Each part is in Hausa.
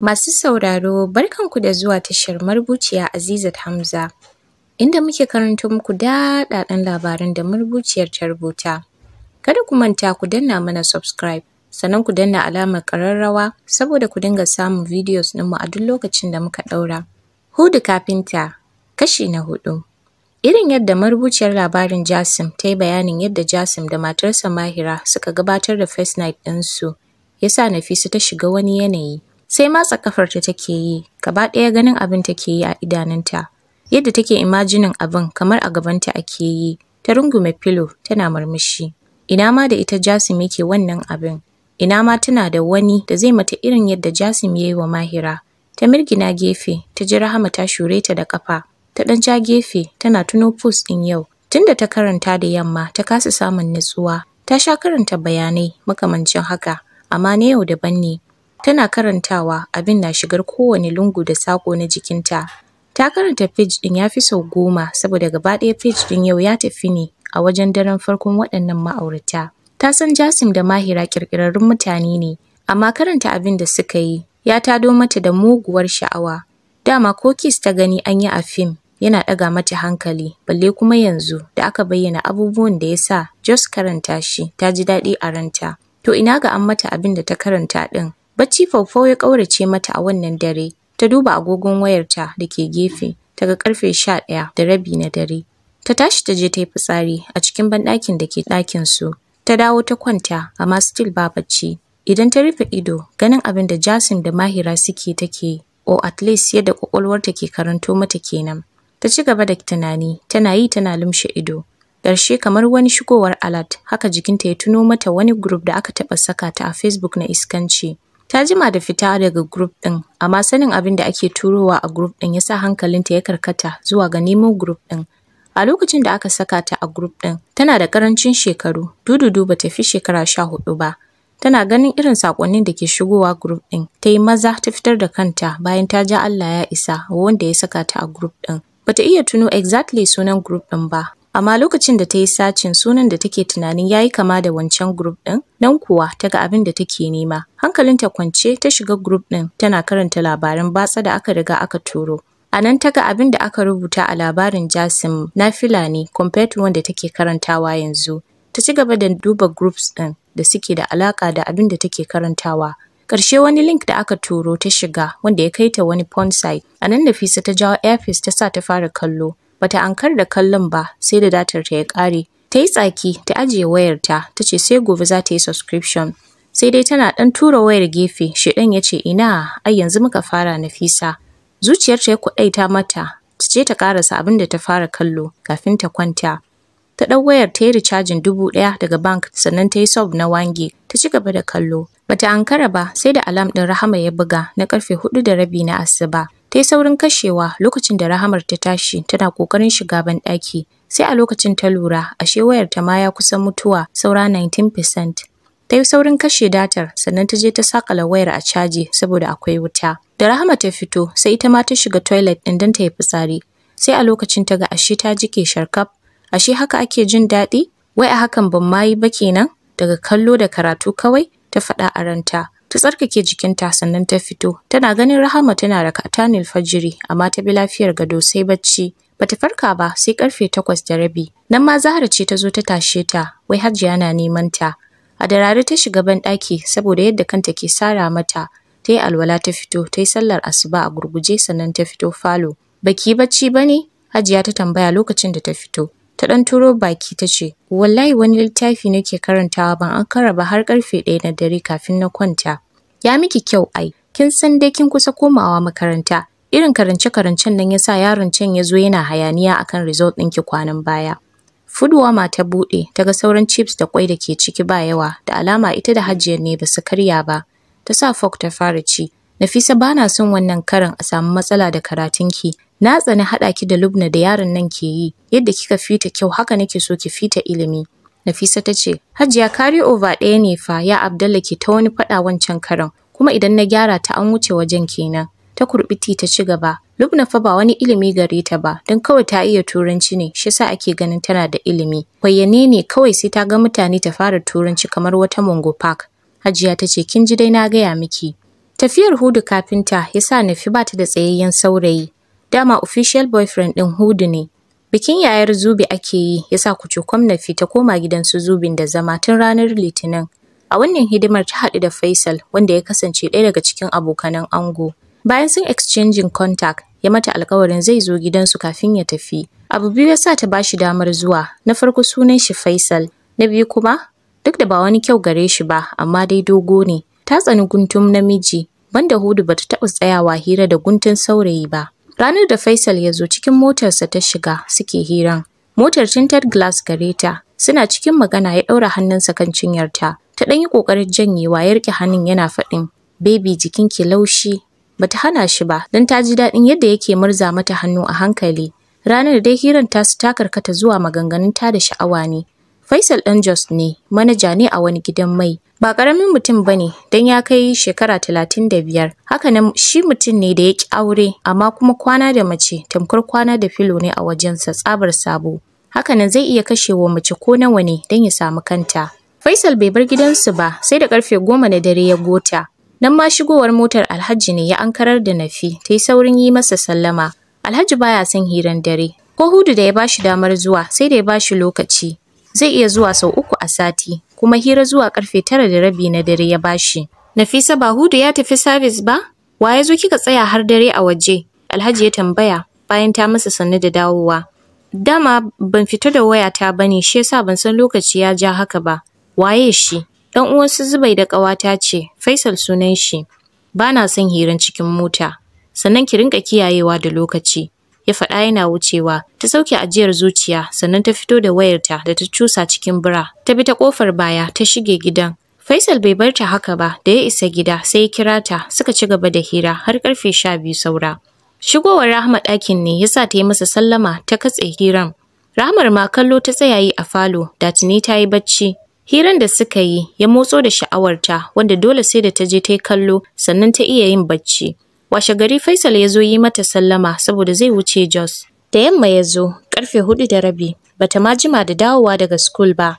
Masu sauraro, barkanku da zuwa tashar marubuciya Azizat Hamza, inda muke karanta muku daɗaɗɗen labaran da marubuciyar ta rubuta. Kada ku manta ku danna mana subscribe, sannan ku danna alamar ƙararrawa saboda ku dinga samun videos ɗinmu a duk lokacin da muka ɗaura. Hudu kafinta, kashi na hudu. Irin yadda marubuciyar labarin Jasim ta yi bayanin yadda Jasim da matarsa Mahira suka gabatar da first night ɗinsu, ya sa Nafisa ta shiga wani yanayi. sai matsa kafarta take yi gaba ɗaya ganin abin take yi a idanunta yadda take imajinin abin kamar a gabanta ake yi ta rungume filo tana murmushi ina ma da ita jasim yake wannan abin ina ma tana da wani da zai mata irin yadda jasim ya yi wa mahira ta mirgina gefe ta ji rahama ta shure ta da kafa ta ɗan ja gefe tana tuno pus ɗin yau tunda ta karanta da yamma ta kasa samun nutsuwa ta sha karanta bayanai makamancin haka amma na yau daban ne Tana karantawa, abin na shigar kowane lungu da saƙo na jikinta. Ta karanta page ɗin ya fi sau goma saboda gaba ɗaya page ɗin yau ya tafi ne a wajen daren farkon waɗannan ma'aurata. Ta san Jasim da Mahira ƙirƙirarrun mutane ne, amma karanta abin da suka yi ya tado mata da muguwar sha'awa. Dama ko ta gani an yi a fim yana ɗaga mata hankali, balle kuma yanzu da aka bayyana abubuwan da ya sa Jos karanta shi ta ji daɗi a ranta. To ina ga an mata abin da ta karanta ɗin Bacci faufau ya ƙaurace mata a wannan dare. Ta duba agogon wayarta da ke gefe, ta ga ƙarfe sha ɗaya da rabi na dare. Ta tashi ta je ta yi fitsari a cikin banɗakin da ke ɗakin su. Ta dawo ta kwanta amma still ba bacci. Idan ta rufe ido, ganin abin da Jasim da Mahira suke take o at least yadda kwakwalwarta ke karanto mata kenan. Ta ci gaba da tunani, tana yi tana lumshe ido. Ƙarshe kamar wani shigowar alat, haka jikinta ya tuno mata wani group da aka taɓa saka ta a Facebook na iskanci. Ta jima da fita daga group ɗin, amma sanin abin da ake turowa a group ɗin ya sa hankalinta ya karkata zuwa ga neman group ɗin. A lokacin da aka saka ta a group ɗin, tana da ƙarancin shekaru, dududu ba ta fi shekara sha hudu ba. Tana ganin irin saƙonnin da ke shigowa group ɗin, ta yi maza ta fitar da kanta bayan ta ja Allah ya isa wanda ya saka ta a group ɗin. Bata iya tuno exactly sunan group ɗin ba, Amma lokacin da ta yi sacin sunan da take tunanin ya yi kama da wancan group ɗin, nan kuwa ta ga abin da take nema. Hankalinta kwance ta shiga group ɗin tana karanta labaran batsa da aka riga aka turo. A nan ta ga abin da aka rubuta a labarin Jasim na filani compared to wanda take karantawa yanzu. Ta ci gaba da duba groups ɗin da suke da alaƙa da abin da take karantawa. Ƙarshe wani link da aka turo ta shiga wanda ya kai ta wani porn site. A nan Nafisa ta jawo earpiece ta sa ta fara kallo. Bata ankar da kallon ba sai da datar ta ya ƙare. Ta yi tsaki ta ajiye wayarta ta ce sai gobe za ta yi subscription. Sai dai tana ɗan tura wayar gefe shi ɗan ya ce ina ai yanzu muka fara Nafisa. Zuciyarta ya kuɗaita mata ta ce ta karasa abin da ta fara kallo kafin ta kwanta. ta ɗau wayar ta yi recharging dubu ɗaya daga bank sannan ta yi sub na wange ta ci gaba da kallo bata ankara ba sai da alam ɗin rahama ya buga na karfe hudu da rabi na asuba Ta saurin kashewa lokacin da Rahamar ta tashi tana ƙoƙarin shiga banɗaki. Sai a lokacin ta lura ashe wayar ta ma ya kusa mutuwa saura 19%. Ta yi saurin kashe datar sannan ta je ta sakala wayar a caji saboda akwai wuta. Da Rahama ta fito sai ita ma ta shiga toilet ɗin don ta yi fitsari. Sai a lokacin ta ga ashe ta jike sharkaf. Ashe haka ake jin daɗi? Wai a hakan ban ma yi ba kenan? Daga kallo da karatu kawai ta faɗa a ranta. ta tsarkake jikinta sannan ta fito tana ganin rahama tana rakatanil fajiri amma ta bi lafiyar gado sai bacci bata farka ba sai karfe takwas da rabi nan ma zahra ce ta zo ta tashe ta wai hajiya na neman ta a darare ta shiga ban daki saboda yadda kanta ke sara mata ta yi alwala ta fito ta yi sallar asuba a gurguje sannan ta fito falo baki bacci ba ne hajiya ta tambaya lokacin da ta fito ta ɗan turo baki ta ce, Wallahi wani littafi nake karantawa ban an kara ba har ƙarfe ɗaya na dare kafin na kwanta. Ya miki kyau ai, kin san dai kin kusa komawa makaranta. Irin karance-karancen nan yasa yaron can ya zo yana hayaniya akan result ɗinki kwanan baya. Fuduwa ma ta buɗe, ta ga sauran chips da kwai da ke ciki ba yawa, da alama ita da hajiyar ne ba su karya ba. Ta sa Fok ta fara ci, Nafisa ba na son wannan karan a samu matsala da karatun ki. Na tsani haɗa ki da Lubna da yaron nan ke yi. Yadda kika fita kyau haka nake so ki fita ilimi. Nafisa ta ce, Hajiya kari over ɗaya ne fa ya Abdalla ke ta wani faɗa wancan karan. Kuma idan na gyara ta an wuce wajen kenan. Ta kurɓiti ta ci gaba. Lubna fa ba wani ilimi gare ta ba, don kawai ta iya turanci ne, shi sa ake ganin tana da ilimi. Bayyane ne kawai sai ta ga mutane ta fara turanci kamar wata Mongo Park. Hajiya ta ce, kin ji dai na gaya miki. Tafiyar Hudu kafinta ya sa Nafi ba ta da tsayayyen saurayi. Dama official boyfriend ɗin Hudu ne. Bikin yayar Zubi ake yi ya sa Kucukum Nafi ta koma gidansu Zubin da zama tun ranar Litinin. A wannan hidimar ta haɗu da Faisal wanda ya kasance ɗaya daga cikin abokanan ango. Bayan sun exchanging contact, ya mata alkawarin zai zo gidansu kafin ya tafi. Abu biyu ya sa ta bashi damar zuwa. Na farko sunan shi Faisal, na biyu kuma duk da ba wani kyau gare shi ba, amma dai dogo ne. ta tsani guntun namiji, banda Hudu bata taɓa tsayawa hira da guntun saurayi ba. Ranar da Faisal ya zo cikin motarsa ta shiga suke hiran. Motar tinted glass Gareta suna cikin magana ya ɗaura hannunsa kan cinyarta. Ta ɗan yi ƙoƙarin janyewa ya riƙe hannun yana faɗin, Baby jikinki laushi. Bata hana shi ba, don ta ji daɗin yadda yake murza mata hannu a hankali. Ranar dai hiran ta su ta karkata zuwa maganganun ta da sha'awa ne. Faisal ɗan Jos ne, manaja ne a wani gidan mai. ba ƙaramin mutum bane don ya kai shekara talatin da biyar hakanan shi mutum ne da ya ƙi aure amma kuma kwana da mace tamkar kwana da filo ne a wajensa tsabar sabo hakanan zai iya kashewa mace ko nawa ne don ya samu kanta faisal bai bar gidansu ba sai da ƙarfe goma na dare ya gota nan ma shigowar motar alhaji ne ya ankarar da nafi ta yi saurin yi masa sallama alhaji baya son hiran dare ko hudu da ya bashi damar zuwa sai da ya bashi lokaci zai iya zuwa sau uku a sati kuma hira zuwa karfe tara da rabi na dare ya bashi. Nafisa ba Hudu ya tafi sabis ba? Wa ya zo kika tsaya har dare a waje? Alhaji ya tambaya bayan ta masa sannu da dawowa. Dama ban fita da wayata ba ne shi yasa ban san lokaci ya ja haka ba. Waye shi? Dan uwan su Zubai da ƙawata ce, Faisal sunan shi. Bana son hiran cikin mota. Sannan ki rinka kiyayewa da lokaci. ya faɗa yana wucewa. Ta sauke ajiyar zuciya sannan ta fito da wayarta da ta cusa cikin bira. Ta bi ta ƙofar baya ta shige gidan. Faisal bai barta haka ba da ya isa gida sai ya kira ta suka ci gaba da hira har karfe sha biyu saura. Shigowar Rahma ɗakin ne yasa ta yi masa sallama ta katse hiran. Rahmar ma kallo ta tsaya yi a falo da tuni ta yi bacci. Hiran da suka yi ya motso da sha'awarta wanda dole sai da ta je ta yi kallo sannan ta iya yin bacci. Washe gari Faisal ya zo yi mata sallama saboda zai wuce Jos. Da yamma ya zo, karfe hudu da rabi, bata ma jima da dawowa daga school ba.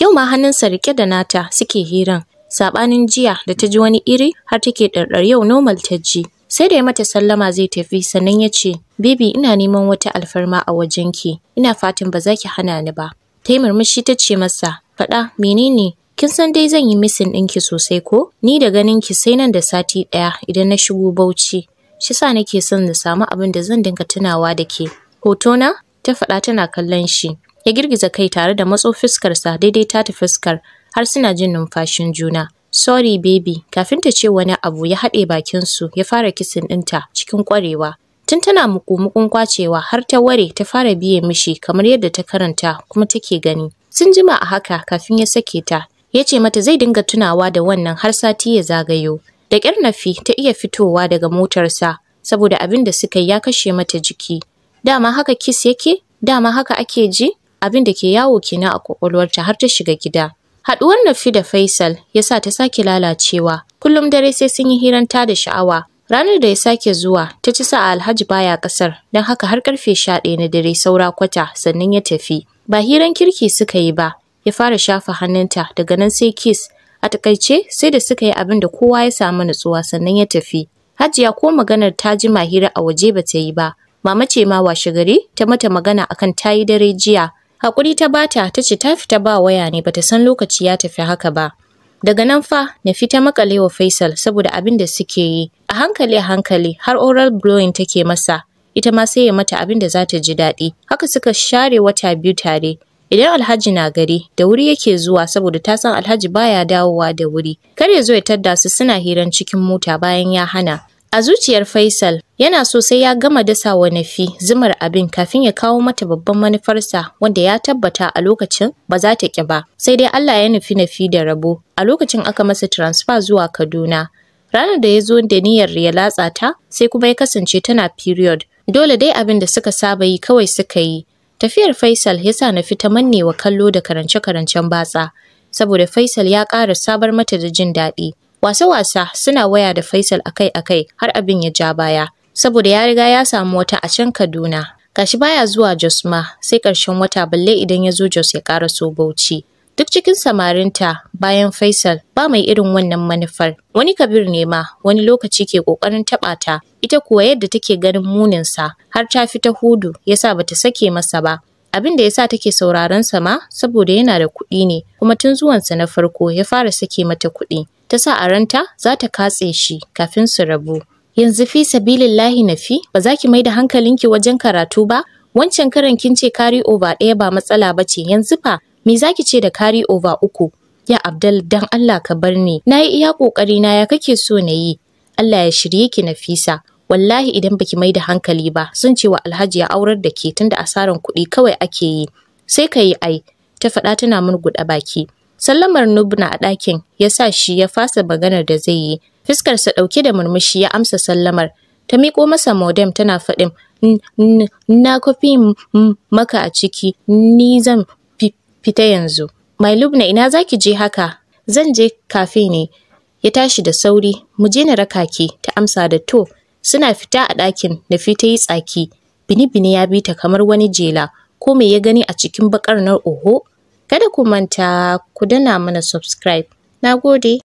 Yau ma hannunsa rike da nata suke hiran. Saɓanin jiya da ta ji wani iri har take ɗarɗar yau normal ta ji. Sai da ya mata sallama zai tafi sannan ya ce, Bibi, ina neman wata alfarma a wajenki, ina fatan ba za ki hana ni ba. Ta yi murmushi ta ce masa, faɗa menene Kin san dai zan yi misin ɗinki sosai ko? Ni da ganin ki sai nan da sati ɗaya idan na shigo Bauchi. Shi sa nake son na samu abin da zan dinga tunawa da ke. hoto na Ta faɗa tana kallon shi. Ya girgiza kai tare da matso fuskarsa daidai ta ta fuskar har suna jin numfashin juna. Sorry baby, kafin ta ce wani abu ya haɗe bakin su ya fara kisin ɗinta cikin ƙwarewa. Tun tana mukumukun kwacewa har ta ware ta fara biye mishi kamar yadda ta karanta kuma take gani. Sun jima a haka kafin ya sake ta, ya ce mata zai dinga tunawa da wannan har sati ya zagayo. Da ƙyar Nafi ta iya fitowa daga motarsa saboda abin da suka ya kashe mata jiki. Dama haka kis yake? Dama haka ake ji? Abin da ke yawo kina a ƙwaƙwalwarta, har ta shiga gida. Haɗuwar Nafi da Faisal ya sa ta sake lalacewa. Kullum dare sai sun yi hiran ta da sha'awa. Ranar da ya sake zuwa, ta ci sa Alhaji baya ƙasar, don haka har karfe sha ɗaya na dare saura kwata sannan ya tafi. Ba hiran kirki suka yi ba, ya fara shafa hannunta daga nan sai kiss a takaice sai da suka yi abin da kowa ya samu nutsuwa sannan ya tafi hajiya ko maganar ta ji mahira a waje ba ta yi ba mama ce ma washe gari ta mata magana akan ta yi dare jiya hakuri ta bata ta ce ta fita ba waya ne bata san lokaci ya tafi haka ba daga nan fa na fita makale wa faisal saboda abin da suke yi a hankali a hankali har oral blowing take masa ita ma sai ya mata abin da za ta ji daɗi haka suka share wata biyu tare Idan Alhaji na gari, da wuri yake zuwa saboda ta san Alhaji baya dawowa da wuri. Kar ya zo ya tadda su suna hiran cikin mota bayan ya hana. A zuciyar Faisal, yana so sai ya gama dasa wa Nafi zumar abin kafin ya kawo mata babban manufarsa wanda ya tabbata a lokacin ba za ta ƙi ba. Sai dai Allah ya nufi Nafi da rabo. A lokacin aka masa transfer zuwa Kaduna. Ranar da ya zo da niyyar ya latsa ta, sai kuma ya kasance tana period. Dole dai abin da suka saba yi kawai suka yi. Tafiyar Faisal ya sa na fita mannewa kallo da karance-karancen batsa, saboda Faisal ya ƙara sabar mata da jin daɗi. Wasa-wasa suna waya da Faisal akai-akai har abin ya ja baya, saboda ya riga ya samu wata a can Kaduna. Gashi baya zuwa Jos ma, sai ƙarshen wata balle idan ya zo Jos ya ƙara so Bauchi. Duk cikin samarinta bayan Faisal ba mai irin wannan manufar. Wani Kabir ne ma wani lokaci ke ƙoƙarin taɓa ta, ita kuwa yadda take ganin muninsa har ta fi ta hudu yasa bata sake masa ba. Abin da yasa take sauraron sa ma saboda yana da kuɗi ne kuma tun zuwansa na farko ya fara sake mata kuɗi. Ta sa a ranta za ta katse shi kafin su rabu. Yanzu fi sabilillahi fi ba za ki mai da hankalinki wajen karatu ba? Wancan karan kin ce kari over ɗaya ba matsala ba ce yanzu fa Me zaki ce da kari over uku? Ya Abdul dan Allah ka bar ni. Na yi iya kokari na ya kake so na yi. Allah ya shirye ki Nafisa. Wallahi idan baki mai da hankali ba, sun ce wa Alhaji ya aurar da ke tunda asaran kuɗi kawai ake yi. Sai ka yi ai, ta faɗa tana guda baki. Sallamar Nubna a ɗakin ya sa shi ya fasa maganar da zai yi. Fiskarsa ɗauke da murmushi ya amsa sallamar. Ta miƙo masa modem tana faɗin, na kofi maka a ciki, ni zan fita yanzu. Mai Lubna ina za ki je haka? Zan je kafi ne. Ya tashi da sauri, mu je na raka ki, ta amsa da to. Suna fita a ɗakin da fita yi tsaki. Bini-bini ya bi ta kamar wani jela, ko me ya gani a cikin baƙar na oho? Kada ku manta ku dana mana subscribe. Na gode.